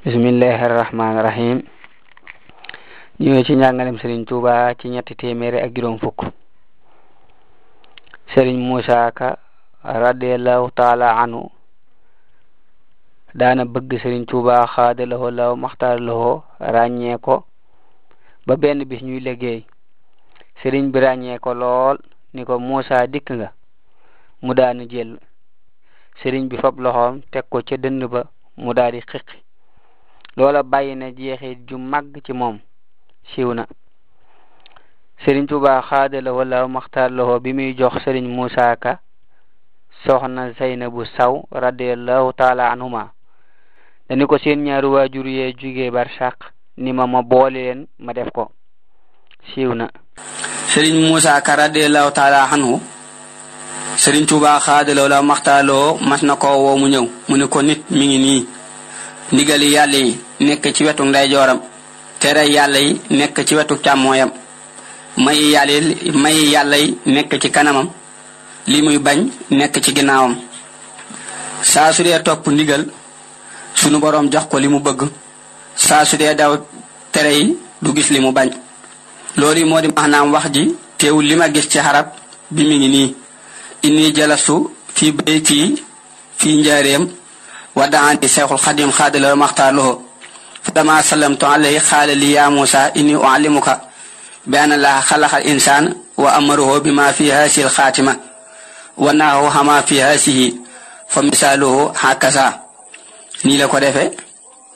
bismillahi arrahmani rahim ñëwee ci njàngalem Serigne Touba ci ñetti téeméeri ak juróom fukk Serigne Moussa Ka radiallahu taala anhu daana bëgg Serigne Touba xaada lahoo law maxtaar lahoo ràññee ko ba benn bi ñuy liggéey Serigne bi ràññee ko lool ni ko Moussa dikk nga mu daanu jël Serigne bi fab loxoom teg ko ca dënn ba mu daal di xiqi loola bàyyi na jeexit ju màgg ci moom siiw na sëriñ Tuubaa xaadala wala maxtaar loxo bi muy jox sëriñ Muusaa Ka soxna bu Saw radiallahu taala anhuma dañu ko seen ñaari waajur yee jugee barsàq ni ma ma boole leen ma def ko siiw na sëriñ Muusaa Ka radiallahu taala anhu sëriñ Tuubaa xaadala wala maxtaar loxo mas na ko woo mu ñëw mu ne ko nit mi ngi nii ndigal yàlla yi nekk ci wetu ndeyjooram tere yàlla nekk ci wetu càmmooyam mayi yàlla nekk ci kanamam li muy bañ nekk ci ginnaawam saa su topp ndigal sunu boroom jox ko li mu bëgg saa su dee daw tere yi du gis li mu bañ loolu moo di maanaam wax ji teewul li ma gis ci xarab bi mu ngi nii inni jalasu fii bayti fii njaareem ودعاني شيخ القديم خالد لو مختار له فلما سلمت عليه قال لي يا موسى اني اعلمك بان الله خلق الانسان وامره بما في هذه الخاتمه ونهاه هما في هذه فمثاله هكذا ني لاكو ديفه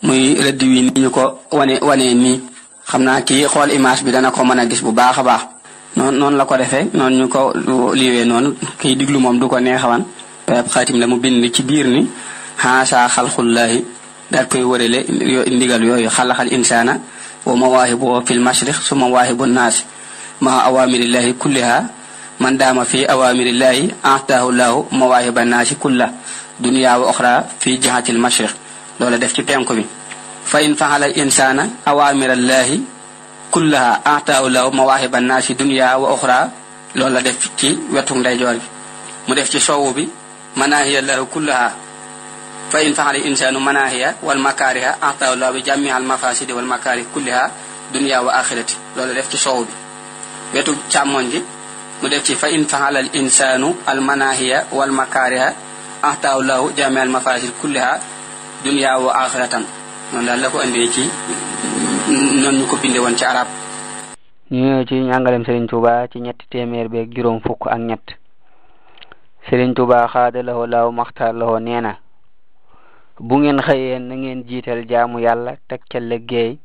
موي ردوي ني نكو واني واني ني خمنا كي خول ايماج بي دانا كو مانا غيس بو باخا باخ نون نون لاكو ديفه نون نكو ليوي نون كي ديغلو موم دوكو نيه خوان خاتم لا مو بين لي كي بير ني haasa xalqullahi daal koy wërale ndigal yooyu xalaxal insaana wa mawaahibu fi lmashriq su mawaahibu naas maa awamirillahi kulliha man daama fi awamirillahi ataahu lahu mawaahiba naasi kulla dunya wa oxra fi jihati lmashriq loola def ci penku bi fa in faxala insaana awamirallahi kullaha ataahu lahu mawaahiba naasi dunya wa oxra loola def ci wetu ndeyjoor bi mu def ci sowu bi manaahiya lahu kullaha fa in faxal insaanu manaahiya wal makaariha atahu llahu bi jàmmi mafasidi wal makaarih kulliha dunya wa axirati loolu def ci soow bi wetu càmmoñ gi mu def ci fa in faxal al insaanu al manaahiya wal makaariha atahu llahu jàmmi al mafasid kulliha dunya wa axiratan noonu daal la ko andee ci noonu ñu ko binde woon ci arab ñu ñëw ci njàngalem Serigne Touba ci ñetti téeméer beeg juróom fukk ak ñett Serigne Touba xaada lahoo laaw maxtaar lahoo nee na bu ngeen xëyee na ngeen jiital jaamu yàlla teg ca liggéey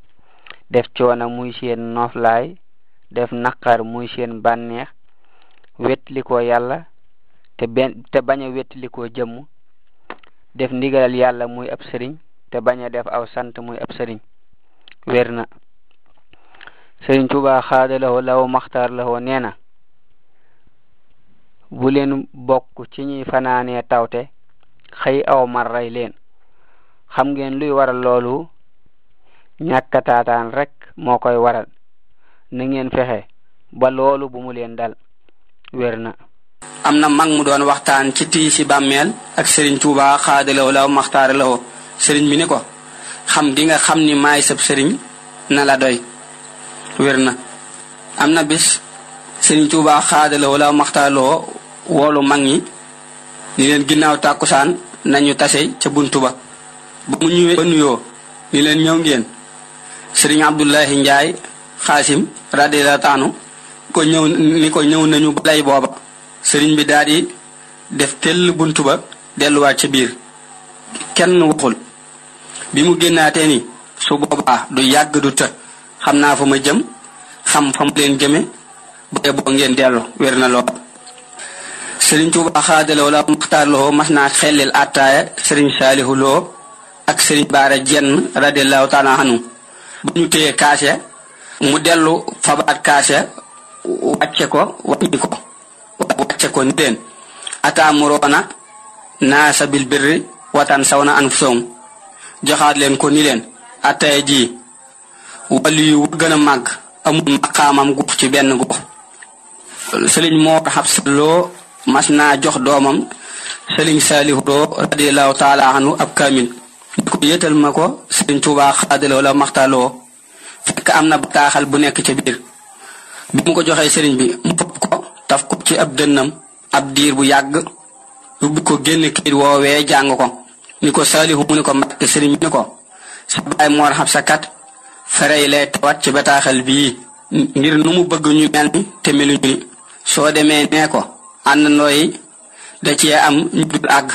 def coono muy seen noflaay def naqar muy seen banneex wettalikoo yàlla te benn te bañ a wettalikoo jëmm def ndigal yàlla muy ab sëriñ te bañ a def aw sant muy ab sëriñ wér na sëriñ Tuubaa xaadalawoo law maxtaar lawoo nee na bu leen bokk ci ñuy fanaanee tawte xëy aw mar leen xam ngeen luy waral loolu ñàkka taataan rek moo koy waral na ngeen fexe ba loolu bu leen dal wér na am na mag mu doon waxtaan ci tii si bàmmeel ak sëriñ Tuubaa xaadalawo law maxtaara lawo sëriñ bi ni ko xam gi nga xam ni maay sab sëriñ na la doy wér na am na bis sëriñ Tuubaa xaadalawo law maxtaara lawo woolu mag ñi ni ginnaaw tàkkusaan nañu tase ca buntu ba ba mu ñëwee ba nuyoo ni leen ñëw ngeen sëriñ Abdullahi Njaay xaasim radiyallahu ko ñëw ni ko ñëw nañu balay booba sëriñ bi daal def tell bunt ba delluwaat ca biir kenn waxul bi mu génnaatee ni su boobaa du yàgg du të xam naa fa ma jëm xam fa ma leen jëme baye boo ngeen dellu wér na lool sëriñ Tuubaa xaadaloo la muxtaar mas naa xellil attaaya sëriñ saalihu loo ak sëriñ baara jenn radiallahu taala anhu bu ñu téye kaase mu dellu fabaat kaase wàcce ko wàññi ko wàcce ko ni leen ataamuroona birri watan saw na anfusahum joxaat leen ko ni leen attaya ji wàllu yu gën a màgg amul maqaamam ci benn gux sëriñ moo xabsaloo mas jox doomam sëriñ saalihu loo radiallahu taala anhu ab kaamil yëtal ma ko sëñ Tuubaa xaadaloo la maxtaaloo fekk am na bataaxal bu nekk ca biir bi mu ko joxee sëriñ bi mu fopp ko taf ko ci ab dënnam ab diir bu yàgg ubbi ko génn kayit woowee jàng ko ni ko saalihu mu ni ko mbàkke sëriñ bi ni ko sa baay moor xam sa kat fere yi tawat ci bataaxal bii ngir nu mu bëgg ñu mel ni te meluñu ni soo demee nee ko ànd ndooyi da am ñu dul àgg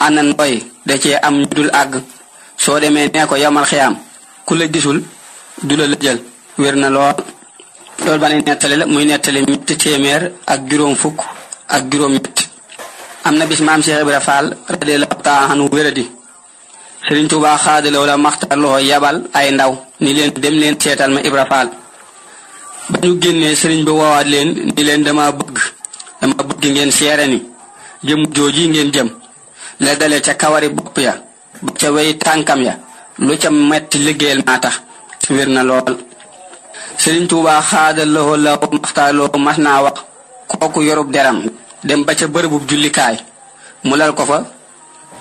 ànd ndooyi da cee am ñu dul àgg soo demee nee ko yomal xiyaam ku la gisul du la jël wér na lool loolu ba ne nettali muy nettali ñetti téeméer ak juróom fukk ak juróom ñett am na bis maam Cheikh Ibra Fall radiyallahu taala anhu wéradi Sëriñ Tuubaa xaadalaw la maxtar loxo yabal ay ndaw ni leen dem leen ceetal ma Ibra Fall ba ñu génnee sëriñ bi woowaat leen ni leen dama bëgg dama bëgg ngeen seere jëm jooji ngeen jëm la dale ca kawari bopp ya ba ca wey tànkam ya lu ca metti liggéeyal maa tax wér na lool sëriñ tuuba xaada loo la mas naa wax kooku yorub deram dem ba ca bërëbub jullikaay mu lal ko fa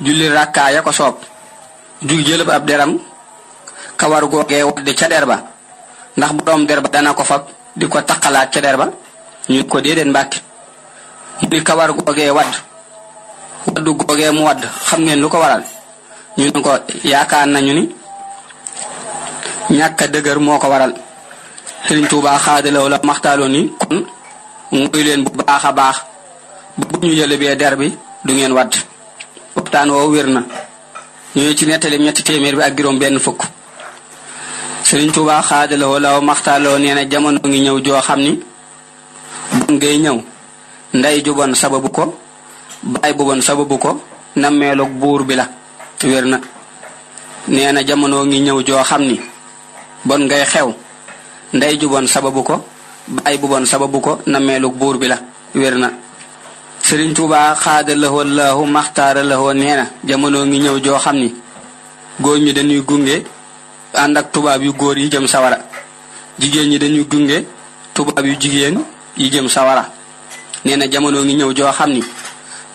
julli rakkaa ya ko soob ju jëlëb ab deram kawar googee wadd ca der ba ndax boroom der ba dana ko fa di ko taqalaat ca der ba ñu ko déedéet mbàkke mu kawar googee wadd waddu googee mu wadd xam ngeen lu ko waral ñu ne ko yaakaar nañu ni ñàkk a dëgër moo ko waral Sëriñ Tuubaa xaadalaw la maxtaaloo ni kon mooy leen bu baax a baax ba bu ñu yële bee der bi du ngeen wadd taan woo wér na ñooy ci nettali ñetti téeméer bi ak juróom benn fukk Sëriñ Tuubaa xaadalaw la maxtaaloo nee na jamono ngi ñëw joo xam ni bon ngay ñëw nday ju sababu ko baay bu sababu ko nammeelug buur bi la wér na nee na jamono ngi ñëw joo xam ni bon ngay xew ndey sababu ko baay bu sababu ko nammeelug buur bi la wér na sëriñ tuubaa xaada lahoo maxtaara lahoo nee na jamono ngi ñëw joo xam ni góor ñi dañuy gunge ànd ak tubaab yu góor yi jëm sawara jigéen ñi dañuy gunge tubaab yu jigéen yi jëm sawara nee na jamono ngi ñëw joo xam ni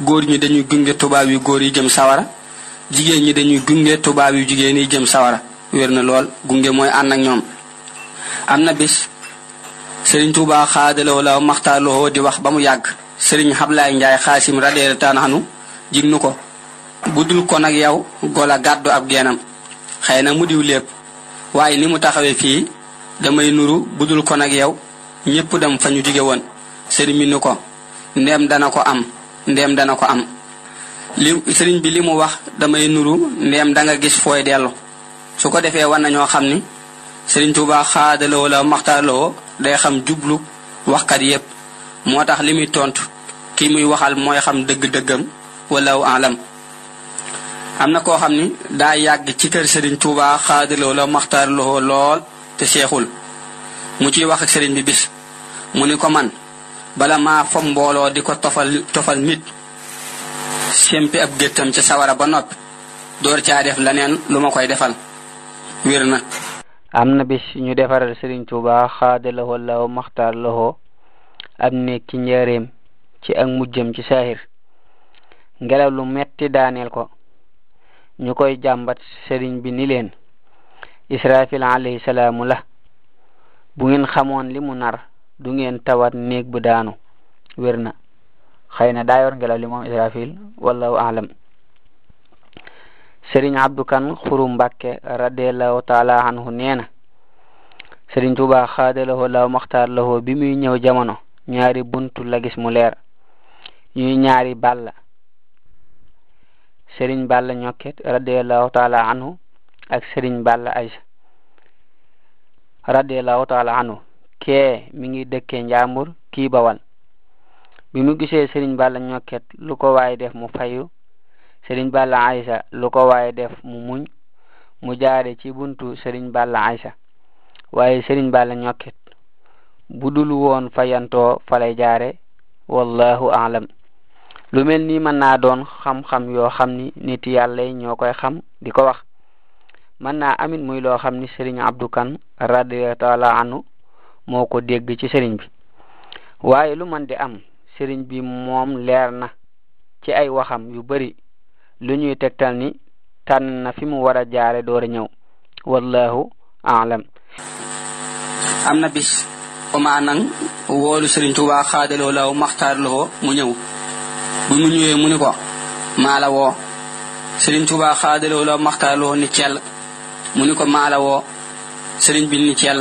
góor ñi dañuy gunge tubaab yu góor yi jëm sawara jigéen ñi dañuy gunge tubaab yu jigéen yi jëm sawara wér na lool gunge mooy ànd ak ñoom am na bis sëriñ Tuubaa xaadaloo la maxtaaloo di wax ba mu yàgg sëriñ Xablaay Njaay xaasim radeer taan xanu jig nu ko bu dul kon ak yow gola gàddu ab geenam xëy na mu diw lépp waaye ni mu taxawee fii damay nuru bu dul kon ak yow ñépp dem fa ñu jóge woon sëriñ mi ni ko ndeem dana ko am ndéem dana ko am li sëriñ bi li mu wax damay nuru ndéem danga gis fooy dellu su ko defee war nañoo xam ni sëriñ Tuubaa xaadaloo la maxtaarloo day xam jublu waxkat yépp moo tax li muy tontu kii muy waxal mooy xam dëgg-dëggam walaw alam am na koo xam ni daa yàgg ci kër sëriñ Tuubaa xaadaloo la maxtaarloo lool te seexul mu ciy wax sëriñ bi bis mu ni ko man bala ma fob mbooloo di ko tofal tofal nit sempi ab géttam ci sawara ba noppi door caa def leneen lu ma koy defal wér am na bis ñu defaral sëriñ tuuba xaada lawo law maxtaar lawo am néeg ci njaareem ci ak mujjam ci saahir ngelaw lu metti daaneel ko ñu koy jàmbat sëriñ bi ni leen israfil alayhi salaamu la bu ngeen xamoon li mu nar du ngeen tawat néeg bu daanu wér na xëy na daayor ngelaw li moom israfil wallahu alam sëriñ abdu kan xuru mbàkke radiallahu taala anhu nee na sëriñ tuuba xaadalahoo law maxtaar lahoo bi muy ñëw jamono ñaari buntu la gis mu leer ñuy ñaari balla sëriñ balla ñokket radiallahu taala anhu ak sëriñ balla aysa radiallahu taala anhu kee mi ngi dëkkee njaambur kii bawal bi mu gisee sëriñ Balla ñokket luko ko def mu fayu sëriñ Balla Aysa lu ko def mu muñ mu jaare ci buntu sëriñ Balla Aysa waaye sëriñ bala ñokket bu dul woon fayantoo falay jaare wallahu alam lu mel ni mën naa doon xam-xam yoo xam ni nit yàlla yi ñoo koy xam di ko wax mën naa muy loo xam ni sëriñ Abdou Kane radiyallahu anhu moo ko dégg ci sëriñ bi waaye lu man di am sëriñ bi moom leer na ci ay waxam yu bari lu ñuy tegtal ni tànn na fi mu war a jaare door a ñëw wallahu aalam am na bis oma nang woolu sëriñ Tuubaa xaadaloo law maxtaar loo mu ñëw bu mu mu ni ko maa woo sëriñ Tuubaa xaadaloo law maxtaar loo ni cell mu ni ko maa woo sëriñ bi ni cell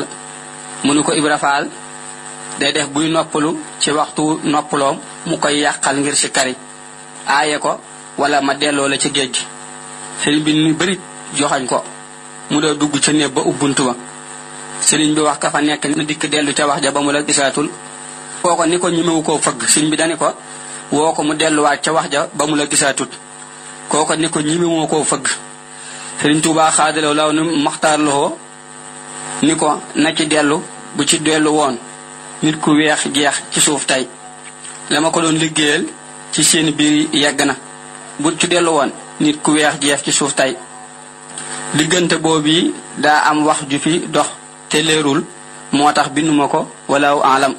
mu ni ko Ibra Faal day def buy noppalu ci waxtu noppaloom mu koy yàqal ngir ci kari aaye ko wala ma delloo la ci géej gi sëriñ bi ñu bëri ko mu doo dugg ca néeg ba ubbuntu ba sëriñ bi wax ka fa nekk dikk dellu ca wax ja ba mu la gisaatul woo ni ko ñemewu koo fëgg sëriñ bi dani ko woo ko mu delluwaat ca wax ja ba mu la gisaatut kooko ni ko ñemewu koo fëgg sëriñ Tuubaa xaadalaw law ni maxtaar loxo ni ko na ci dellu bu ci dellu woon nit ku weex jeex ci suuf tey la ko doon liggéeyal ci seen biir yegg na bu ci dellu woon nit ku weex jeex ci suuf tey diggante boobu yi daa am wax ju fi dox te leerul moo tax binduma ko walaaw alam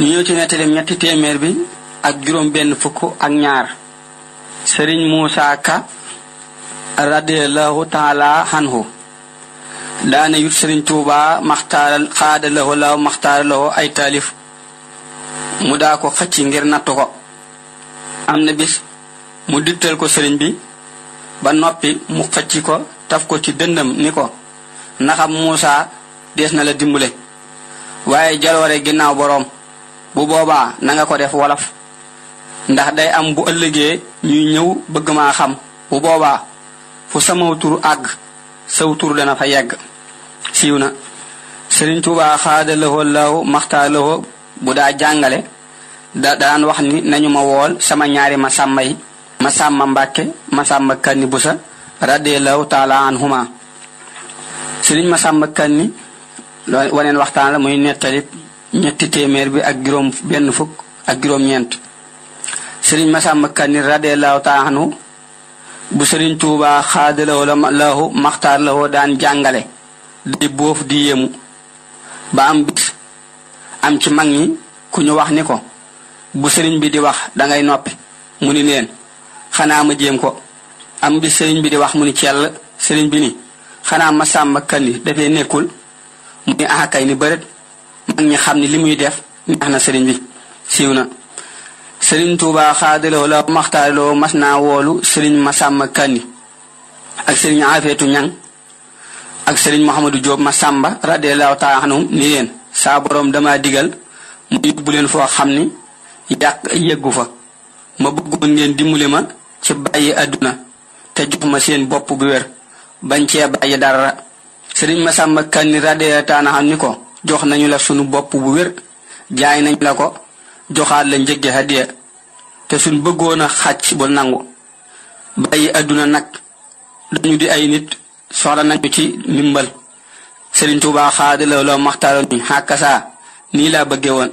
ñu ñëw ci nettalem ñetti téeméer bi ak juróom benn fukk ak ñaar sëriñ Muusaa Ka radiyallahu taala daana yut sëriñ tuuba maxtaaral xaada lawo law maxtaara lawo ay taalif mu daa ko xëcc ngir nattu ko am na bis mu digtal ko sëriñ bi ba noppi mu xëcc ko taf ko ci dëndam ni ko naxam muusa dees na la dimbale waaye jaloore ginnaaw boroom bu boobaa na nga ko def wolof ndax day am bu ëllëgee ñuy ñëw bëgg maa xam bu boobaa fu samaw tur àgg sëwtur tur na fa yegg siiw na Sëriñ Tuubaa xaada lahoo lahu maxtaa lahoo bu daa jàngale da daan wax ni nañu ma wool sama ñaari ma sàmma yi ma sàmma mbàkke ma sàmma kanni bu sa radiallahu taala anhuma sëriñ ma sàmma kanni waneen waxtaan la muy nettalit ñetti téeméer bi ak juróom benn fukk bu Sëriñ Tuubaa xaada lahoo lahu maxtaar lahoo daan jàngale di boof di yéemu ba am bis am ci mag ñi ku ñu wax ni ko bu sëriñ bi di wax dangay noppi mu ni leen xanaa ma jéem ko am bis sëriñ bi di wax mu ni cell sëriñ bi xanaa ma sàmm kandi dafee nekkul mu ni axakay ni bërët mag xam ni li muy def neex sëriñ bi siiw na sëriñ Tuuba xaadaloo la maxtaaloo mas naa woolu sëriñ ma sàmm kandi ak sëriñ afeetu ñang ak serigne mohammadu job ma samba radiyallahu ta'ala anhum ni len sa borom dama digal mu yobbu len fo xamni yak yeggu fa ma bëggoon ngeen dimbali ma ci bàyyi aduna te jox ma seen bopp bu wér bañ cee bàyyi dara sëriñ ma kan kanni radee ta'ala xam ni ko jox nañu la sunu bopp bu wér jaay nañ la ko joxaat la njëgge hadiya te sun bëggoon a xàcc bu nangu bàyyi aduna nag dañu di ay nit soxla nañu ci ndimbal Serigne Touba xaadaloo loo maxtaaloon ñu xàkkasaa nii laa bëggee woon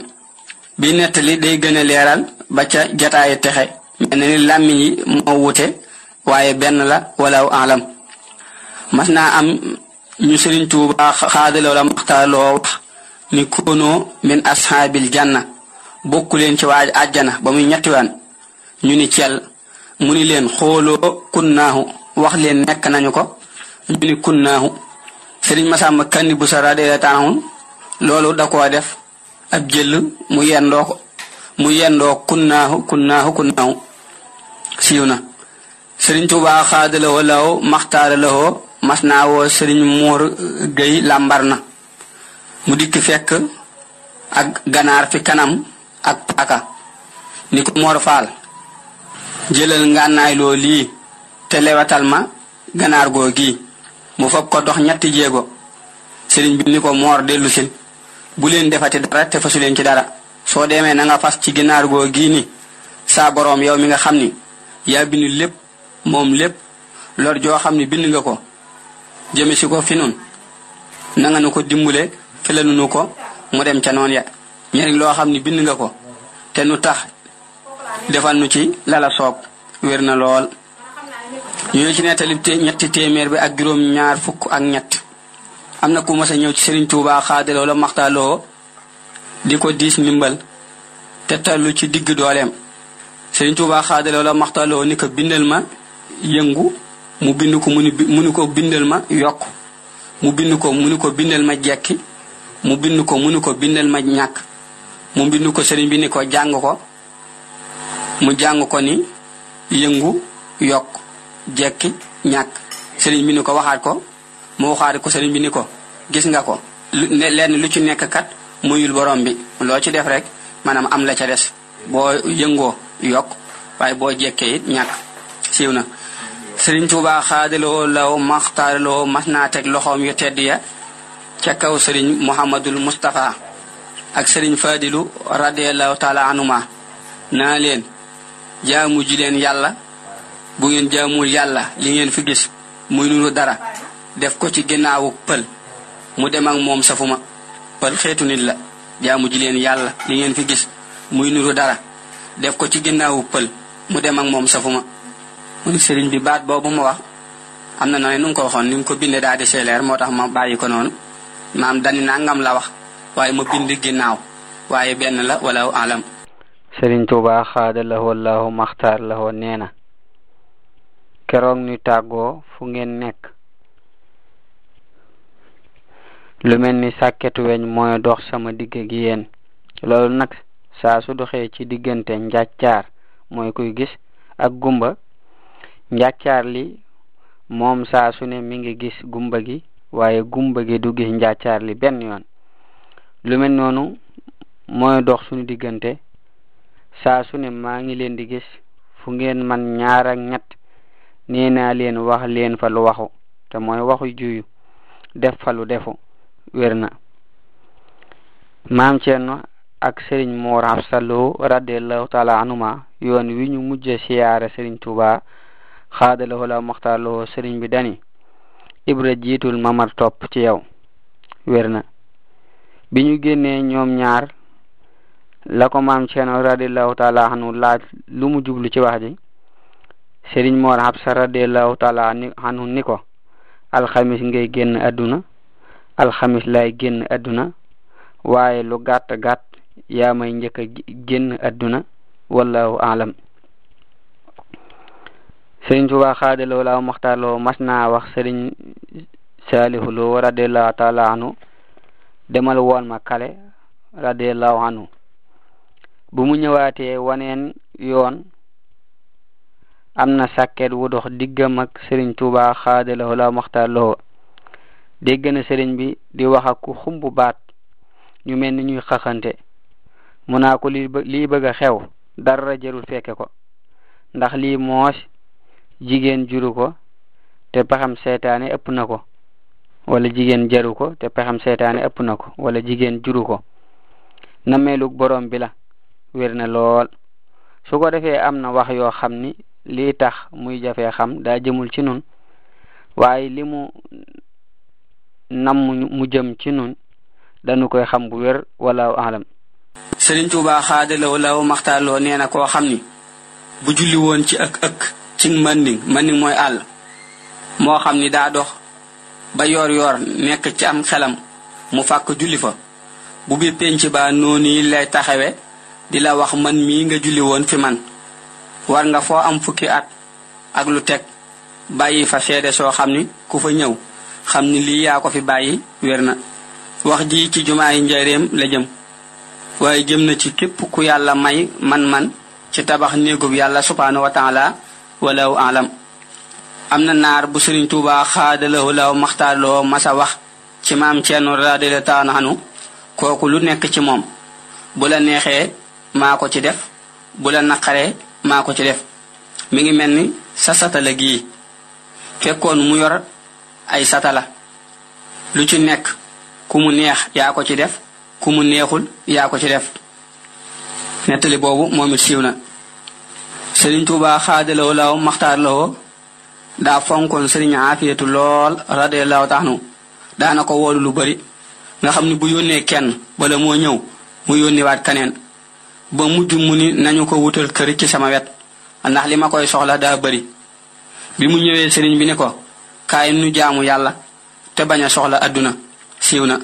bi nettali day gën a leeral ba ca jataayu texe mel na ni waaye benn la walaw alam mas naa am ñu Serigne Touba xaadaloo la maxtaaloo wax ni min ashaabil janna bokku leen ci waa àjjana ba muy ñetti waan ñu ni cel mu ni leen xooloo kunnaahu wax leen nekk nañu ko ñu ni kunnaahu sëriñ Masamba Kanni bu sa radiyallahu loolu da def ab jël mu yendoo ko mu yendoo kunnaahu kunnaahu kunnaahu siiw na sëriñ Tuubaa xaadalawoo law maxtaaralawoo mas naa woo sëriñ Moor Gay làmbar mu dikk fekk ak ganaar fi kanam ak paaka ni ko Moor Faal jëlal ngànnaay loo te lewatal ma ganaar goo gii mu fab ko dox ñetti jéego sëriñ bi ko moor dellu sil bu leen defati dara te fasu leen ci dara soo demee na nga fas ci ginaar goo gii ni saa boroom yow mi nga xam ni yaa bind lépp moom lépp lor joo xam ni bind nga ko jëme si ko fi nun nanga nu ko dimbale felanunu ko mu dem ca noon ya ñeneen loo xam ni bind nga ko te nu tax defal nu ci lala soob wér na lool yooyu ci nettali ñetti téeméer bi ak juróom ñaar fukk ak ñett am na ku mas ñëw ci Serigne Touba xaadaloo la maxtaaloo di ko diis ndimbal te tallu ci digg dooleem Serigne Touba xaadaloo la maxtaaloo ni ko bindal ma yëngu mu bind ko mu bindal ma yokk mu bind ko mu ko bindal ma jekki mu bind ko mu ko bindal ma ñàkk mu bind ko sëriñ bi ni ko jàng ko mu jàng ko ni yëngu yokk jekki ñàkk sëriñ bi ni ko waxaat ko mu waxaat ko sëriñ bi ni ko gis nga ko lenn lu ci nekk kat muyul borom bi loo ci def rek maanaam am la ca des boo yëngoo yokk waaye boo jekkee it na sëriñ Tuubaa xaadaloo mas naa teg loxoom yu ca kaw sëriñ Muhammadul Mustafa ak sëriñ Fadilu leen jaamu ji yàlla bu ngeen jaamul yàlla li ngeen fi gis muy nuru dara def ko ci ginnaawu pël mu dem ak moom safuma pël xeetu nit la jaamu ji leen yàlla li ngeen fi gis muy nuru dara def ko ci ginnaawu pël mu dem ak moom safuma mu ni sëriñ bi baat boobu mu wax am na noonu nu ko waxoon ni ko bindee daal di moo tax ma bàyyi ko noonu maam dani nangam la wax waaye ma bind ginnaaw waaye benn la wala alam sëriñ Tuubaa la wallaahu maxtaar la nee na keroog ñu tàggoo fu ngeen nekk lu mel ni sàkketu weñ mooy dox sama digg gi yéen loolu nag saa su doxee ci diggante njàccaar mooy koy gis ak gumba njàccaar li moom saa su ne mi ngi gis gumba gi waaye gumba gi du gis njàccaar li benn yoon lu mel noonu mooy dox suñu diggante saa su ne maa ngi leen di gis fu ngeen man ñaar ñett nee naa leen wax leen fa lu waxu te mooy waxu juyu def fa lu defu wér na maam Cerno ak sëriñ Moor Absa Lo radiallahu taala anhuma yoon wi ñu mujj siyaare sëriñ Tuuba xaadalawoo la moxtaar loo sëriñ bi dani ibra jiitul mamar topp ci yow wér na bi ñu génnee ñoom ñaar la ko maam Cerno radiallahu taala anhu laaj lu mu jublu ci wax ji Sëriñ Mor Habsa radiallahu taala anhu ni ko alxamis ngay génn adduna alxamis lay génn adduna waaye lu gàtt gàtt yaa may njëkk a génn adduna wallahu alam Sëriñ Tuubaa xaadaloo laaw maxtaarloo mas naa wax Sëriñ Saalihu Lo radiallahu taala demal woon ma kale radiallahu anhu bu mu ñëwaatee waneen yoon am na sàkket wu dox diggam ak sëriñ tuuba xaadalahoo la maxtaar lahoo dégg na sëriñ bi di wax ak ku xumbu baat ñu mel ni ñuy xaxante mu naa ko li lii bëgg xew dara jarul fekke ko ndax lii moos jigéen juru ko te pexam seetaane ëpp na ko wala jigéen jaru ko te pexam seetaane ëpp na ko wala jigéen juru ko nameelug borom bi la wér na lool am na wax yoo xam ni lii tax muy jafee xam daa jëmul ci nun waaye li mu nam mu jëm ci nun danu koy xam bu wér walla alam Sëriñ Tuubaa xaadalaw law maxtaaloo nee na koo xam ni bu julli woon ci ëkk ëkk ci manding manding mooy àll moo xam ni daa dox ba yoor yor nekk ci am xelam mu fàkk julli fa bu bi penc baa noonu lay taxawe di la wax man mii nga julli woon fi man war nga foo am fukki at ak lu teg bàyyi fa seede soo xam ni ku fa ñëw xam ni lii yaa ko fi bàyyi wér na wax ji ci jumaa yi njëreem la jëm waaye jëm na ci képp ku yàlla may man-man ci tabax néegub yàlla subhaanahu wa taala walaw alam am na naar bu sëriñ tuuba xaadalawu law maxtaarloo masa wax ci maam ceerno radiyallahu taala anhu kooku lu nekk ci moom bula neexee maa ko ci def bu la naqaree maa ko ci def mi ngi mel ni sa satala gii fekkoon mu yor ay satala lu ci nekk ku mu neex yaa ko ci def ku mu neexul yaa ko ci def nettali boobu moom it siiw na sëriñ Tuubaa xaadaloo law maxtaar lawoo daa fonkoon sëriñ aafiyatu lool radiallahu taanu daana ko woolu lu bari nga xam ni bu yónnee kenn bala moo ñëw mu yónniwaat kaneen ba mujj mu ni nañu ko wutal kër ci sama wet ndax li ma koy soxla daa bari bi mu ñëwee sëriñ bi ni ko kaay nu jaamu yàlla te bañ a soxla adduna siiw na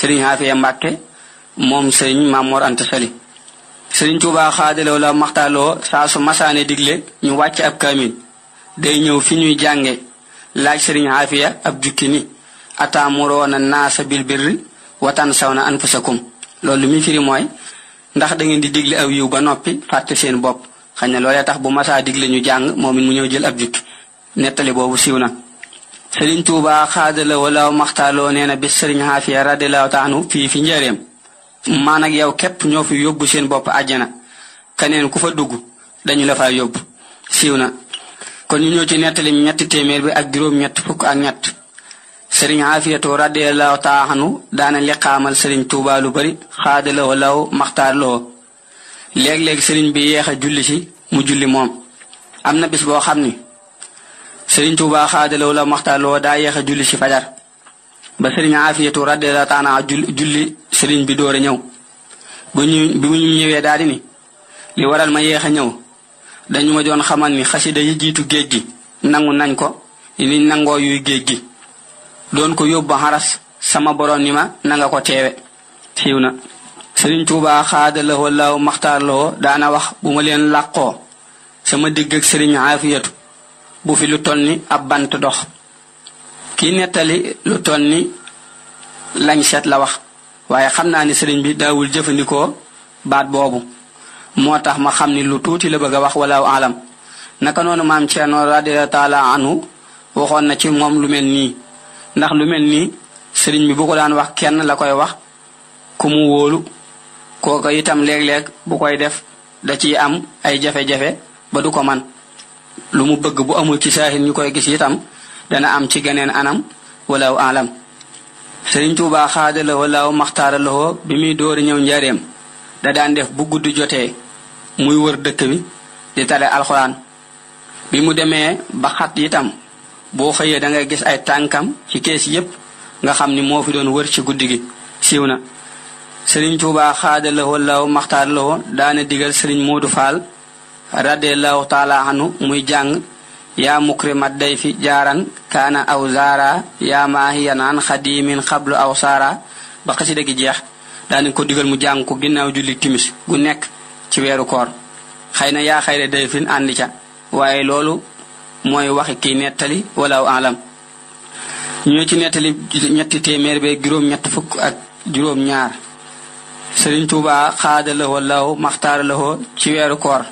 sëriñ Xaafiya Mbàkke moom sëriñ Maamoor Anta Sali sëriñ Tuubaa xaadaloo la maxtaaloo saa su masaane digle ñu wàcc ab kaamil day ñëw fi ñuy jànge laaj sëriñ Xaafiya ab jukki ata ataamuroona naasa bil birri watan sawna anfusakum loolu mi firi mooy ndax da ngeen di digle aw yiw ba noppi fàtte seen bopp xañ na loolee tax bu masaa digle ñu jàng moom mu ñëw jël ab jukki nettali boobu siw na sëriñ tuuba xaadala wala maxtaaloo nee na bis sëriñ xaafiya radiallahu taanu fii fi njëreem maanak ak yow képp ñoo fi yóbbu seen bopp àjjana keneen ku fa dugg dañu la fa yóbbu siw na kon ñu ñëw ci ñetti téeméer bi ak juróom ñett fukk ak ñett sëriñ aafiyatu radiallahu taala anhu daana liqaamal sëriñ tuubaa lu bari xaadaloo law maxtaarloo léeg-léeg sëriñ bi yeex a julli si mu julli moom am na bis boo xam ni sëriñ tuubaa xaadaloo law maxtaarloo daa yeex a julli si fajar ba sëriñ aafiyatu radiallahu taala julli sëriñ bi door a ñëw bu ñu bi mu ñëwee daal li waral ma yeex a ñëw dañu ma doon xamal ni xasida yi jiitu géej gi nangu nañ ko ni nangoo yuy géej gi doon ko yóbbu xaras sama borom ni ma na ko teewe xiw na sëriñ tuuba xaada lawoo laaw maxtaar lawoo daana wax bu ma leen làqoo sama digg ak sëriñ aafiyatu bu fi lu toll ni ab bant dox kii nettali lu toll ni lañ seet la wax waaye xam naa ni sëriñ bi daawul jëfandikoo baat boobu moo tax ma xam ni lu tuuti la bëgg a wax walaaw alam naka noonu maam Ceerno radiyallaahu taala anhu waxoon na ci moom lu mel nii ndax lu mel nii sëriñ bi bu ko daan wax kenn la koy wax ku mu wóolu kooka itam léeg-léeg bu koy def da ci am ay jafe-jafe ba du ko man lu mu bëgg bu amul ci saaxin ñu koy gis itam dana am ci geneen anam walaw alam sëriñ Tuubaa xaadala walaw maxtaara loxo bi muy dóori ñëw njareem da daan def bu gudd jotee muy wër dëkk bi di tare alxuraan bi mu demee ba xat itam boo xëyee da ngay gis ay tànkam ci kees yépp nga xam ni moo fi doon wër ci guddi siiw na sëriñ Tuubaa xaadalawoo law maxtaarlawoo daana digal sëriñ Moodu Faal radiallahu taala anu muy jàng yaa mukrimat day fi jaaran kaana aw zaara yaa maahiyan an xadimin xablu aw saara ba xasida gi jeex daanañ ko digal mu jàng ko ginnaaw julli timis gu nekk ci weeru koor xëy na yaa xayre day fin àndi ca waaye loolu mooy waxi kiy nettali wala alam ñu ci nettali ñetti téeméer be juróom-ñett fukk ak juróom-ñaar Sëriñ Tuubaa xaada law maxtaara lahoo ci weeru koor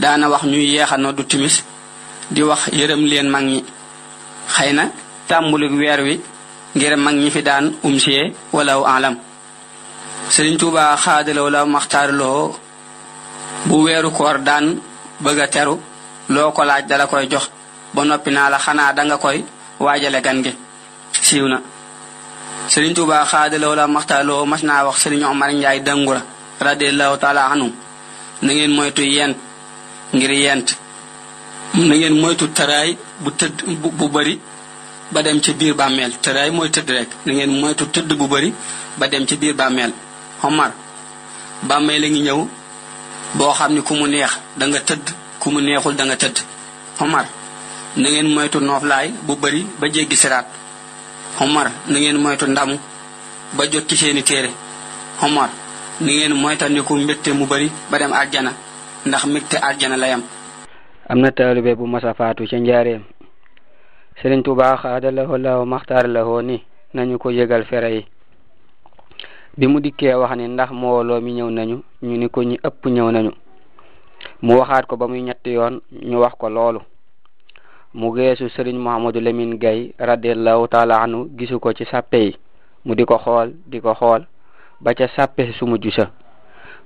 daana wax ñuy yeexano du timis di wax yërëm leen mag ñi xëy na tàmbulik weer wi ngir mag ñi fi daan umsiyee wala alam Sëriñ Tuubaa xaada lahoo law maxtaara lahoo bu weeru koor daan bëgg a teru loo ko laaj dala koy jox ba noppi naa la xanaa danga koy waajale gan gi siiw na sëriñ Tuubaa xaadaloo la maxtaaloo mas naa wax sëriñ Omar Njaay dangura radiallahu taala anhu na moytu yent ngir yent na ngeen moytu tëraay bu tëdd bu bëri ba dem ci biir bàmmeel tëraay mooy tëdd rek na ngeen moytu tëdd bu bari ba dem ci biir bàmmeel Omar bàmmeel a ngi ñëw boo xam ni ku mu neex danga tëdd ku mu neexul da nga tëdd Omar na ngeen moytu nooflaay bu bari ba jéggi siraat Omar na ngeen moytu ndamu ba jot ci seeni téere Omar na ngeen moytandiku mbégte mu bari ba dem àjjana ndax mbégte àjjana la yam am na taalibe bu masa faatu ca njaareem Sëriñ Tuubaa xaadalahoo law maxtaar lahoo ni nañu ko yëgal fere yi bi mu dikkee wax ni ndax mbooloo mi ñëw nañu ñu ni ko ñi ëpp ñëw nañu mu waxaat ko ba mu ñetti yoon ñu wax ko loolu mu geesu sëriñ Mouhamadou Lamine Gaye radiallahu taala anhu gisu ko ci sàppe yi mu di ko xool di ko xool ba ca sàppe su mujj sa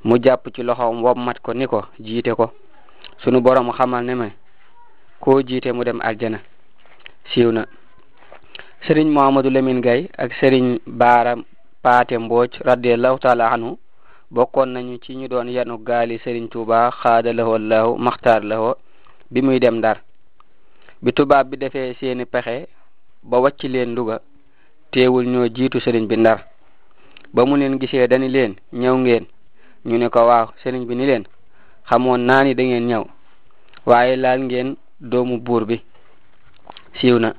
mu jàpp ci loxo loxoom wommat ko ni ko jiite ko sunu borom xamal ne ma koo jiite mu dem aljana siiw na sëriñ Mouhamadou Lamine Gaye ak sëriñ Baara Paate Mbooj radiallahu taala anhu bokkoon nañu ci ñu doon yanu gaali Serigne Touba xaada lahoo lahu maxtaar lahoo bi muy dem ndar bi tubaab bi defee seeni pexe ba wàcc leen Louga teewul ñoo jiitu Serigne bi ndar ba mu leen gisee dani leen ñëw ngeen ñu ne ko waaw Serigne bi ni leen xamoon naa ni da ngeen ñëw waaye laal ngeen doomu buur bi siiw na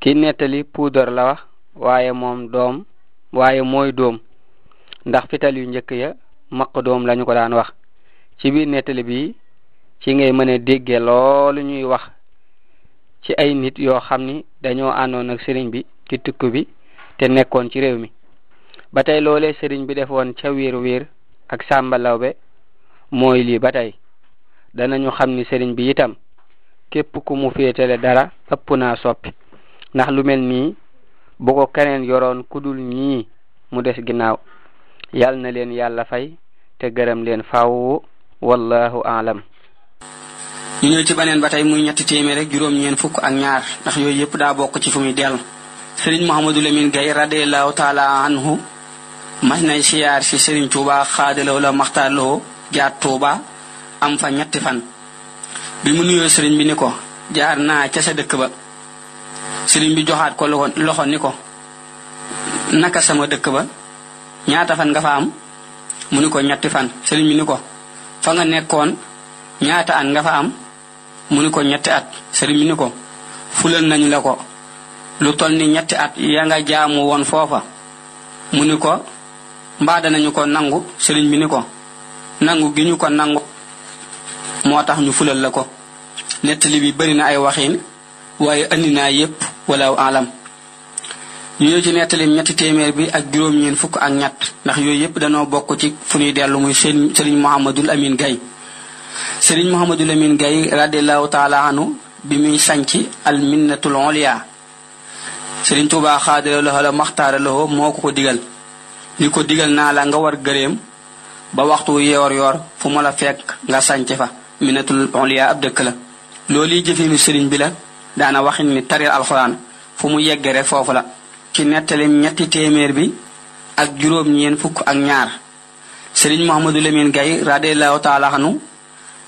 ki nettali puudar la wax waaye moom doom waaye mooy doom ndax fital yu njëkk ya maq doom lañu ko daan wax ci biir nettali bi ci ngay mën a déggee loolu ñuy wax ci ay nit yoo xam ni dañoo àndoon ak sëriñ bi ci tukk bi te nekkoon ci réew mi ba tey loolee sëriñ bi defoon ca wiir wiir ak sàmbalaw be mooy lii ba tey danañu xam ni sëriñ bi itam képp ku mu féetale dara ëpp naa soppi ndax lu mel nii bu ko keneen yoroon ku dul ñii mu des ginnaaw yal na leen yàlla fay te gërëm leen faaw wallahu alam ñu ñëw ci baneen ba tey muy ñetti téeméer rek juróom-ñeen fukk ak ñaar ndax yooyu yëpp daa bokk ci fu muy dellu sëriñ Mouhamadou Lamine Gaye radiallahu taala anhu mas nay si sëriñ Tuuba xaadalaw la fa ñetti fan bi mu nuyoo sëriñ bi ni ko jaar naa ca dëkk ba sëriñ bi joxaat ko loxo ni naka sama dëkk ba ñaata fan nga fa am mu ni ko ñetti fan sëriñ bi ni ko fa nga nekkoon ñaata at nga fa am mu ni ko ñetti at sëriñ bi ni ko fulal nañu la ko lu toll ni ñetti at ya nga jaamu woon foofa mu ni ko mbaa nañu ko nangu sëriñ bi ni ko nangu gi ñu ko nangu moo tax ñu fulal la ko nettali bi bari na ay waxiin waaye andi naa yépp walaaw alam yooyu ci nettali ñetti téeméer bi ak juróom-ñeent fukk ak ñett ndax yooyu yépp danoo bokk ci fu ñuy dellu muy sëriñ sëriñ Mouhamadul Amin Gaye sëriñ Mouhamadul Amin Gaye radiallahu taala bi muy sanc al minnatul oliya sëriñ Tuubaa xaadara moo ko ko digal ko digal naa nga war gëréem ba waxtu yoor fu ma la fekk nga sanc fa minnatul oliya dëkk la loolu yi jëfinu sëriñ bi la daana waxin ni taril alxuraan fu mu yeggere foofu la ci nettalim ñetti téeméer bi ak juróom ñeen fukk ak ñaar sëriñ Mouhamadou Lamine gay radiallahu taala xanu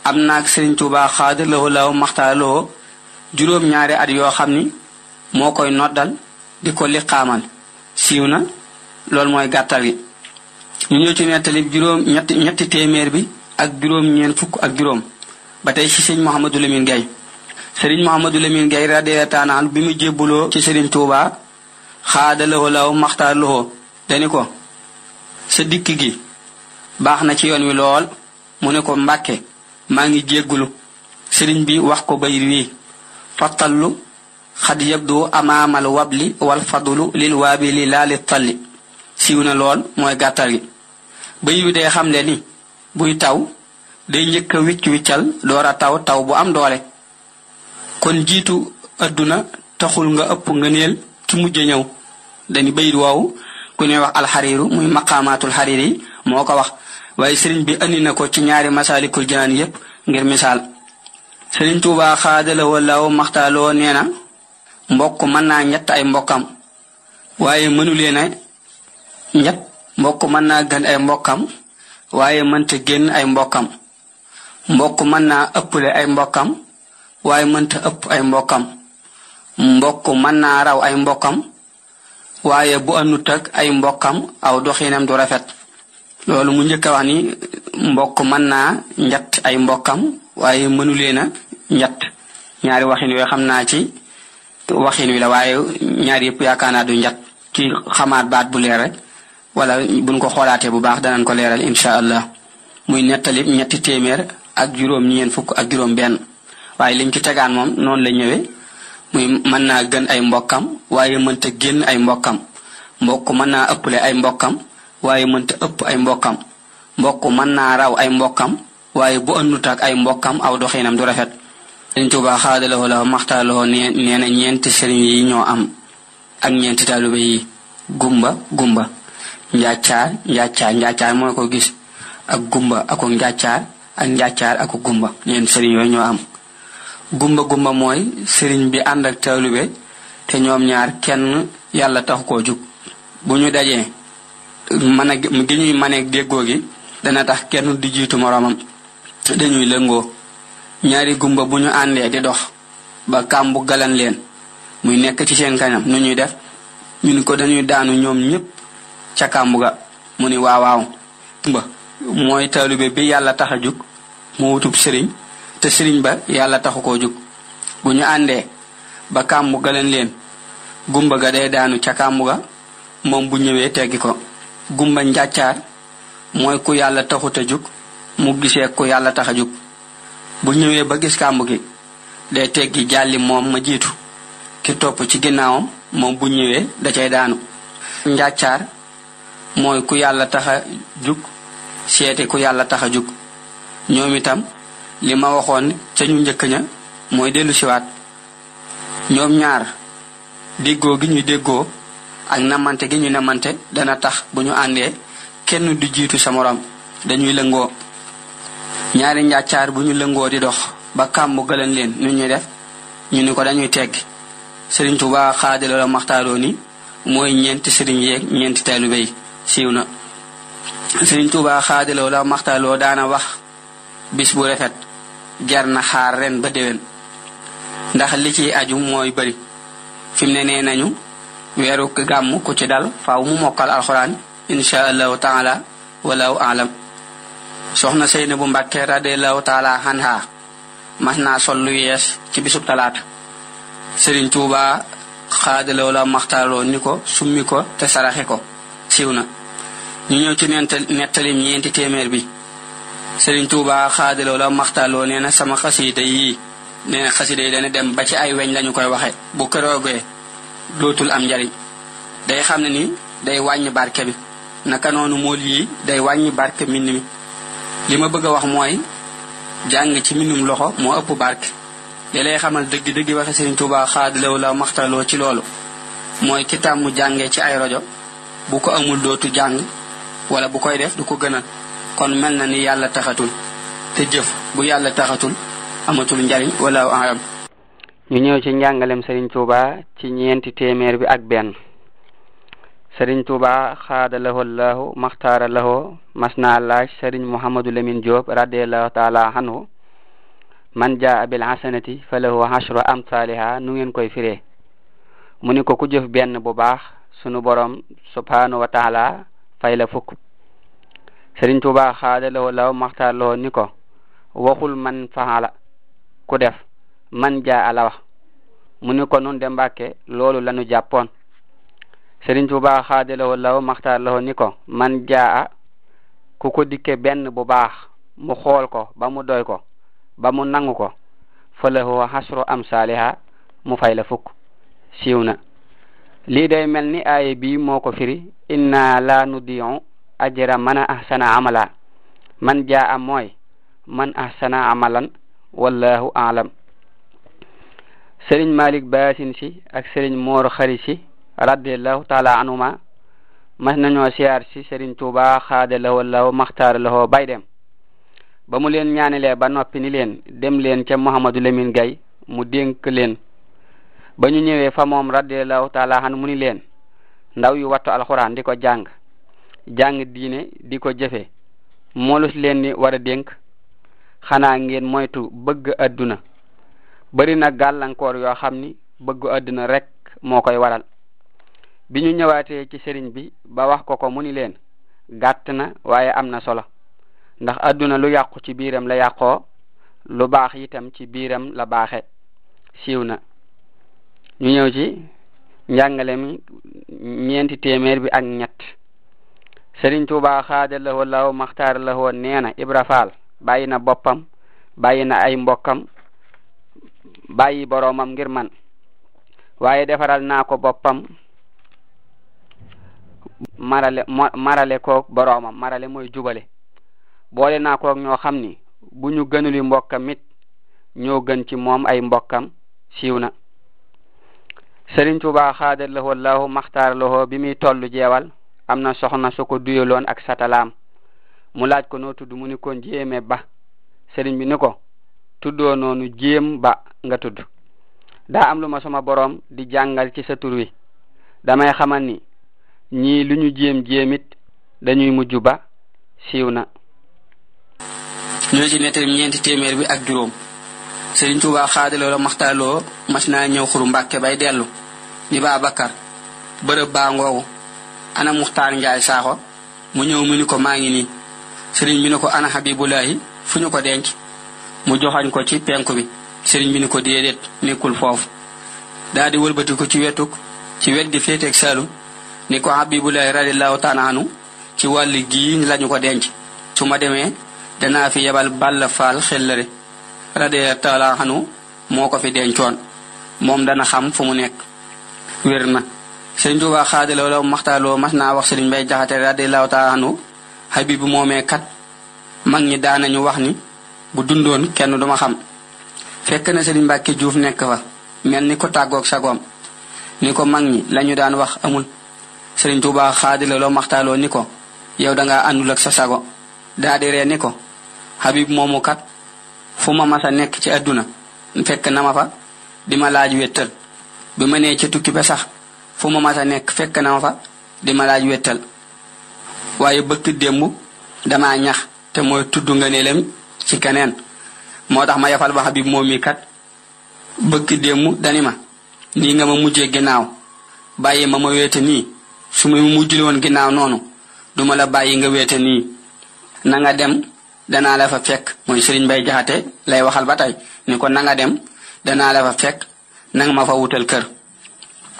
am naag sëriñ Tuubaa xaadir lawo law maxtaar lawo juróom ñaari at yoo xam ni moo koy noddal di ko liqaamal siiw na loolu mooy gàttal gi ñu ñëw ci nettali juróom ñetti téeméer bi ak juróom ñeen fukk ak juróom ba tey si sëriñ Mouhamadou Lamine Gaye sëriñ Mouhamadou Lamine Gaye radiallahu taala bi mu jébbuloo ci sëriñ Tuubaa xaadalawoo law maxtaarlowoo dani ko sa dikk gi baax na ci yoon wi lool mu ne ko mbakke maa ngi jéggulu sëriñ bi wax ko bayir wii fattallu xad yabdu amaamal wabli wal fadlu lil waabili laa li talli siiw na lool mooy gàttal gi bayir wi day xam le ni buy taw day njëkk a wicc wiccal door a taw taw bu am doole kon jiitu adduna taxul nga ëpp ngëneel ki mujj ñëw dañu bayit waaw ku ñuy wax alxariiru muy maqaamaatul xariir yi moo ko wax waaye sëriñ bi andi na ko ci ñaari masaalikul jinaan yëpp ngir misaal sëriñ Tuubaa xaadalawoo law maxtaaloo nee mbokk mën naa ñett ay mbokkam waaye mënu leen a ñett mbokk mën naa gën ay mbokkam waaye mënta génn ay mbokkam mbokk mën naa ëpple ay mbokkam waaye mënta ëpp ay mbokkam mbokk mën naa raw ay mbokkam waaye bu àndut ak ay mbokkam aw doxinam du rafet loolu mu njëkk a wax ni mbokk man naa njatt ay mbokkam waaye mënu leen a njatt ñaari waxin yooyu xam naa ci waxin wi la waaye ñaari yëpp yaakaar naa du njatt ci xamaat baat bu leer rek wala buñ ko xoolaatee bu baax danañ ko leeral incha allah muy nettali ñetti téeméer ak juróom ñeent fukk ak juróom benn waaye liñ ci tegaan moom noonu la ñëwee muy mën naa gën ay mbokkam waaye mënta génn ay mbokkam mbokk mën naa ëpple ay mbokkam waaye mënta ëpp ay mbokkam mbokk mën naa raw ay mbokkam waaye bo ënnut ak ay mbokkam aw doxinam du rafet Sëriñ Tuubaa xaadalawoo la maxtaalawoo nee na ñeenti sëriñ yi ñoo am ak ñeenti taalube yi gumba gumba njaacaar njaacaar njaacaar mooy ko gis ak gumba ako njaacaar ak njaacaar ako gumba ñeenti sëriñ yooyu ñoo am gumba gumba mooy sëriñ bi ànd ak taalube te ñoom ñaar kenn yàlla tax koo jug bu ñu dajee mën a gi ñuy maneeg déggoo gi dana tax kenn di jiitu moroomam dañuy lëngoo ñaari gumba bu ñu àndee di dox ba kàmbu galan leen muy nekk ci seen kañam nu ñuy def ñu ni ko dañuy daanu ñoom ñépp ca kàmbu ga mu ni waawaaw gumba mooy taalube bi yàlla tax a jug mu wutub sëriñ te sëriñ ba yàlla taxu koo jug bu ñu àndee ba kàmmu ga leen leen gumba ga day daanu ca kàmmu ga moom bu ñëwee teggi ko gumba njàccaar mooy ku yàlla taxut a jug mu gisee ku yàlla tax a jug bu ñëwee ba gis kàmmu gi day teggi jàlli moom ma jiitu ki topp ci ginnaawam moom bu ñëwee da cay daanu njàccaar mooy ku yàlla tax a jug seeti ku yàlla tax a jug ñoom itam li ma waxoon ca ñu njëkk ña mooy dellu siwaat ñoom ñaar déggoo gi ñu déggoo ak namante gi ñu namante dana tax bu ñu àndee kenn du jiitu sa dañuy lëngoo ñaari njàccaar bu ñu lëngoo di dox ba kàmbu gëlan leen nu ñuy def ñu ni ko dañuy tegg sëriñ Tuubaa xaadaloo la ni mooy ñeenti sëriñ yeeg ñeenti taalibe yi siiw na sëriñ Tuubaa xaadaloo la maxtaaroo daana wax bis bu rafet jar na xaar ren ba déwén ndax li ci mooy bari fi mu ne nee nañu weeru gàmm ku ci dal faw mu mokkal alxuraan insha allahu taala walaahu alam soxna Seyna bu Mbàkke radiallahu taala anha mas naa sol lu yees ci bisub talaat Sëriñ Tuubaa xaadalaw la maxtaaloo ni ko summi ko te saraxe ko siiw na ñu ñëw ci nettalim ñeenti téeméer bi Sëriñ Tuubaa xaadaloo la maxtaloo nee na sama xasida yi nee na xasida yi dana dem ba ci ay weñ lañu koy waxe bu këroogee dootul am njariñ day xam ne ni day wàññi barke bi naka noonu mool yi day wàññi barke mbind mi li ma bëgg a wax mooy jàng ci mbindum loxo moo ëpp bark li lay xamal dëgg dëgg waxe Sëriñ Tuubaa xaadaloo la maxtaloo ci loolu mooy ki tàmm jàngee ci ay rajo bu ko amul dootu jàng wala bu koy def du ko gënal kon mel na ni yàlla taxatul te jëf bu yàlla taxatul amatul njariñ wala alam ñu ñëw ci njàngalem Serigne Touba ci ñeenti téeméer bi ak benn Serigne Touba xaada lahoo lahu maxtaara lahoo mas naa laaj Serigne Mouhamadou Lamine Diop radiallahu taala anhu man jaa bil fa lahu ashru amsaliha nu ngeen koy firee mu ni ko ku jëf benn bu baax sunu borom subhanahu wa fay la fukk serigne touba xaadalewo law maxtaarlowo ni ko waxul man faxala ku def man jaa ala wax mu ni ko nun dembàkke loolu lanu jàppoon serigne touba xaadalewo law maxtaarlowo ni ko man jaa ku ko dikke benn bu baax mu xool ko ba mu doy ko ba mu nangu ko falahu xasru am saaliha mu fay la fukk siiw na lii day mel ni aaye bii moo ko firi inna la nudion ajra man ahsana amala man jaa mooy man ahsana amalan wallahu alam sëriñ malik baasin si ak sëriñ moor xari si radiallahu taala anhuma mas nañoo siyaar si sëriñ tuuba xaada lahoo lahoo maxtaar lahoo bay dem ba mu leen ñaanilee ba noppi ni leen dem leen ca Mouhamadou Gaye mu dénk leen ba ñëwee fa moom radiallahu taala an mu ni leen ndaw yu wattu alxuraan di ko jàng jàng diine di ko jëfe moolus leen ni war a dénk xanaa ngeen moytu bëgg adduna bari na gàllankoor yoo xam ni bëgg adduna rekk moo koy waral bi ñu ñëwaatee ci sëriñ bi ba wax ko ko mu ni leen gàtt na waaye am na solo ndax adduna lu yàqu ci biiram la yàqoo lu baax itam ci biiram la baaxe siiw na ñu ñëw ci jàngale mi ñeenti téeméer bi ak ñett Sëriñ Tuuba xaada la woon law maxtaar la woon nee na Ibra Faal bàyyi na boppam bàyyi na ay mbokkam bàyyi boroomam ngir man waaye defaral naa ko boppam marale marale koog boroomam marale mooy jubale boole naa koog ñoo xam ni bu ñu gënuli mbokkam it ñoo gën ci moom ay mbokkam siiw na Sëriñ Tuuba xaada la woon law maxtaar la woon bi muy tollu jeewal am na soxna su ko duyaloon ak satalaam mu laaj ko noo tudd mu ni ko ba sëriñ bi ni ko tuddoo noonu jéem ba nga tudd daa am lu ma sama boroom di jàngal ci sa tur wi damay xamal ni ñii lu ñu jéem jéemit dañuy mujj ba siiw na ñoo ci nettali ñeenti téeméer bi ak juróom sëriñ Tuubaa xaadaloo la maxtaaloo mas naa ñëw xuru mbàkke bay dellu ni Baabakar bërëb baa ngoogu ana Muxtaar Njaay Saaxo mu ñëw mu ni ko maa ngi nii sëriñ bi ni ko ana Xabibulaahi fu ñu ko denc mu joxañ ko ci penku wi sëriñ bi ni ko déedéet nekkul foofu daal wëlbatiku ci wetuk ci wet gi féeteeg Saalum ni ko Xabibulaahi radiyallaahu taala anhu ci wàll gii lañu ko denc su ma demee danaa fi yebal Balla Faal xellare radiyallaahu taala moo ko fi dencoon moom dana xam fu mu nekk wér na sëriñ Tuubaa xaadaloo la maxtaaloo mas naa wax sëriñ Mbay Jaxate radiyallaahu taala anhu Habibu moomee kat mag ñi daanañu wax ni bu dundoon kenn duma xam fekk na sëriñ Mbàkke Juuf nekk fa mel ni ko tàggoog sagoom ni ko mag ñi lañu daan wax amul sëriñ Tuubaa xaadaloo la maxtaloo ni ko yow dangaa àndul ak sa sago daa di ree ni ko Habib moomu kat fu ma masa nekk ci àdduna fekk nama fa di ma laaj wéttal bi ma nee ca sax fu ma mata nekk fekk na ma fa di ma laaj wettal waaye bëgg démb damaa ñax te mooy tudd nga neelam ci keneen moo tax ma yafal wax bi moom mii kat bëkk démb dani ma nii nga ma mujjee ginnaaw bàyyi ma ma weete nii su ma mujjul woon ginnaaw noonu duma la bàyyi nga weete nii na nga dem dana la fa fekk mooy Serigne Bay Jaxate lay waxal ba tey ni ko nanga dem danaa la fa fekk nanga ma fa wutal kër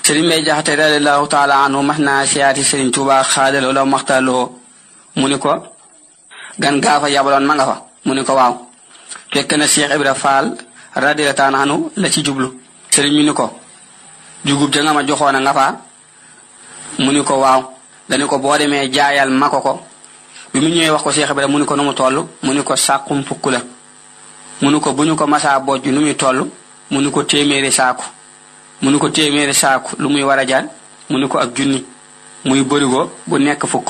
sëriñ Mbay Jaxate radiallahu taala anhu max naa siyaati sëriñ Tuubaa xaadaloo la maxtaloo mu ni ko gan gaafa yabaloon ma nga mu ni ko waaw fekk na Cheikh Ibra Faal radiallahu taala anhu la ci jublu sëriñ mu ni ko jugub ja nga ma joxoona nga fa mu ni ko waaw dañu ko boo demee jaayal ma ko ko bi mu ñëwee wax ko Cheikh Ibra mu ni ko nu mu toll mu ni ko sàqum fukk la mu ni ko bu ñu ko masaa bojj nu muy toll mu ni ko téeméeri saaku mu ni ko téeméeri saaku lu muy war a jar mu ni ko ak junni muy bërigo bu nekk fukk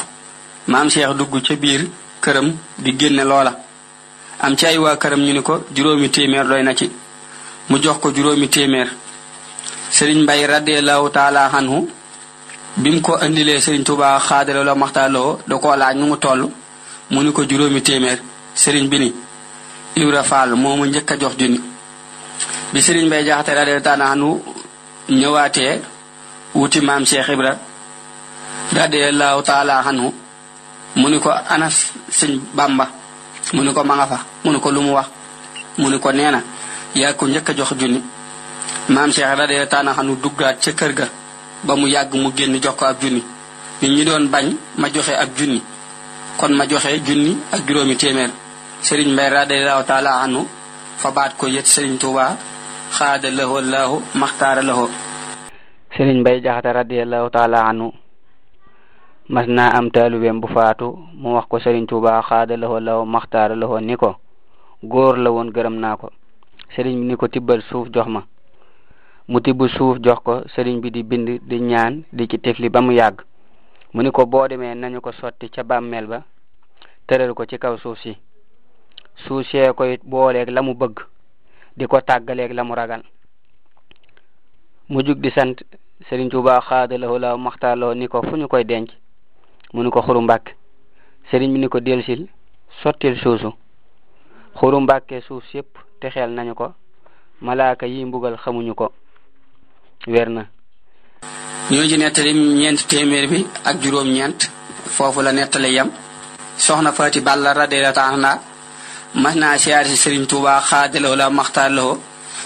maam Cheikh dugg ca biir këram di génne loola am ci ay waa këram ñu ni ko juróomi téeméer doy na ci mu jox ko juróomi téeméer sëriñ mbay radiallahu taala anhu bi ko indilee sëriñ tubaa xaadale loo maxtaaloo da koo laaj nu mu toll mu ni ko juróomi téeméer sëriñ bi ni Ibra Faal moo njëkk a jox junni bi sëriñ mbay jaxate radiallahu taala anhu ñëwaatee wuti maam Cheikh Ibra taala anhu mu ni ko anas sëñ Bamba mu ni ko ma fa mu ni ko lu mu wax mu ni ko neena na ko njëkk a jox junni maam Cheikh radiallahu taala anhu ca kër ga ba mu yàgg mu génn jox ko ab ñi doon bañ ma joxe ab junni kon ma joxe junni ak juróomi sëriñ Mbay radiallahu taala anhu fa baat ko yët sëriñ Tuubaa xaada lahoo laahu maxtaara lahoo sëriñ mbay jaxate radiallahu taala anhu mas naa am taalubeem bu faatu mu wax ko sëriñ tuuba xaada lahoo laahu maxtaara lahoo ni ko la woon gërëm naa ko sëriñ bi ko tibbal suuf jox ma mu tibb suuf jox ko sëriñ bi di bind di ñaan di ci tifli ba mu yàgg mu niko ko boo demee nañu ko sotti ca bàmmeel ba tëral ko ci kaw suuf si suuf see koy booleeg la bëgg di ko tàggaleeg la mu ragal mu jug di sant Sëriñ Tuubaa xaadalawoo la maxtaaloo ni ko fu ñu koy denc mu ni ko xuru mbàkke sëriñ bi ni ko delsil sottil suusu xuru mbàkke suuf yépp te xel nañu ko malaaka yi mbugal xamuñu ko weer na ñoo ci nettali ñeent téeméer bi ak juróom ñeent foofu la nettali yam soxna Faati Balla radiyallaahu anha mas naa siyaar si Sëriñ Tuubaa xaadaloo la maxtaar loo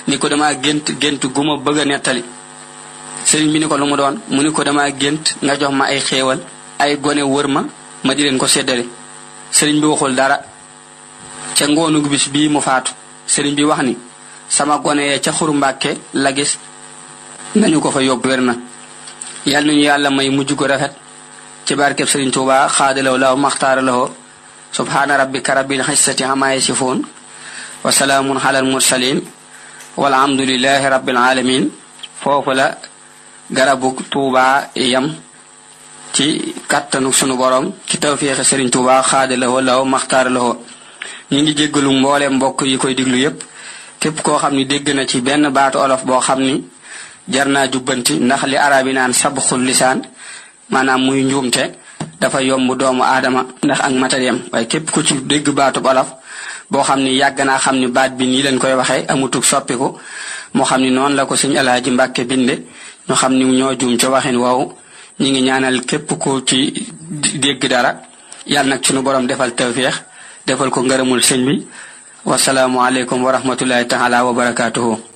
ni ko dama gént gént gu bëgg a nettali sëriñ bi ni ko lu mu doon mu ni ko dama gént nga jox ma ay xéewal ay gone wër ma ma di leen ko séddale sëriñ bi waxul dara ca ngoonu bis bii mu faatu sëriñ bi wax ni sama gone ya ca xuru mbàkke la gis nañu ko fa yóbbu wér na yàlla nañu yàlla may mujj ko rafet ci barkeb sëriñ Tuubaa xaadalaw law maxtaara lawo سبحان ربك رب العزة عما يصفون وسلام على المرسلين والحمد لله رب العالمين foofu la garabu tuuba yam ci kàttanu sunu borom ci tawfiixi sëriñ tuuba xaada lawo law maxtaar lawo ñu ngi jéggalu mboole mbokk yi koy diglu yépp képp koo xam ni dégg na ci benn baatu olof boo xam ni jar naa jubbanti ndax li araabi naan sabxul lisaan maanaam muy njuumte dafa yomb doomu aadama ndax ak matériel waaye képp ku ci dégg baatub olaf boo xam ni yàgg naa xam ni baat bi nii leen koy waxee amutug soppiku moo xam ni noonu la ko suñ alaaji mbàkke binde ñu xam ni ñoo juum ca waxin woowu ñi ngi ñaanal képp ku ci dégg dara yàlla nag sunu borom defal tawféex defal ko ngërëmul sëñ bi wasalaamualeykum wa rahmatullahi taala wa barakaatuhu